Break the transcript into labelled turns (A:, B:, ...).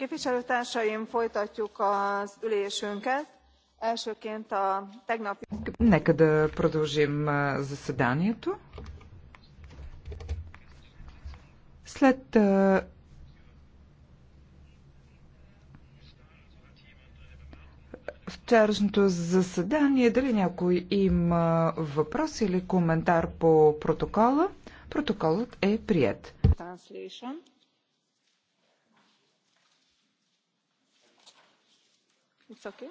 A: Képviselőtársaim, folytatjuk az ülésünket. Elsőként a tegnapi...
B: Нека да продължим заседанието. След вчерашното заседание, дали някой има въпрос или коментар по протокола? Протоколът е прият.
C: Translation.
D: It's okay.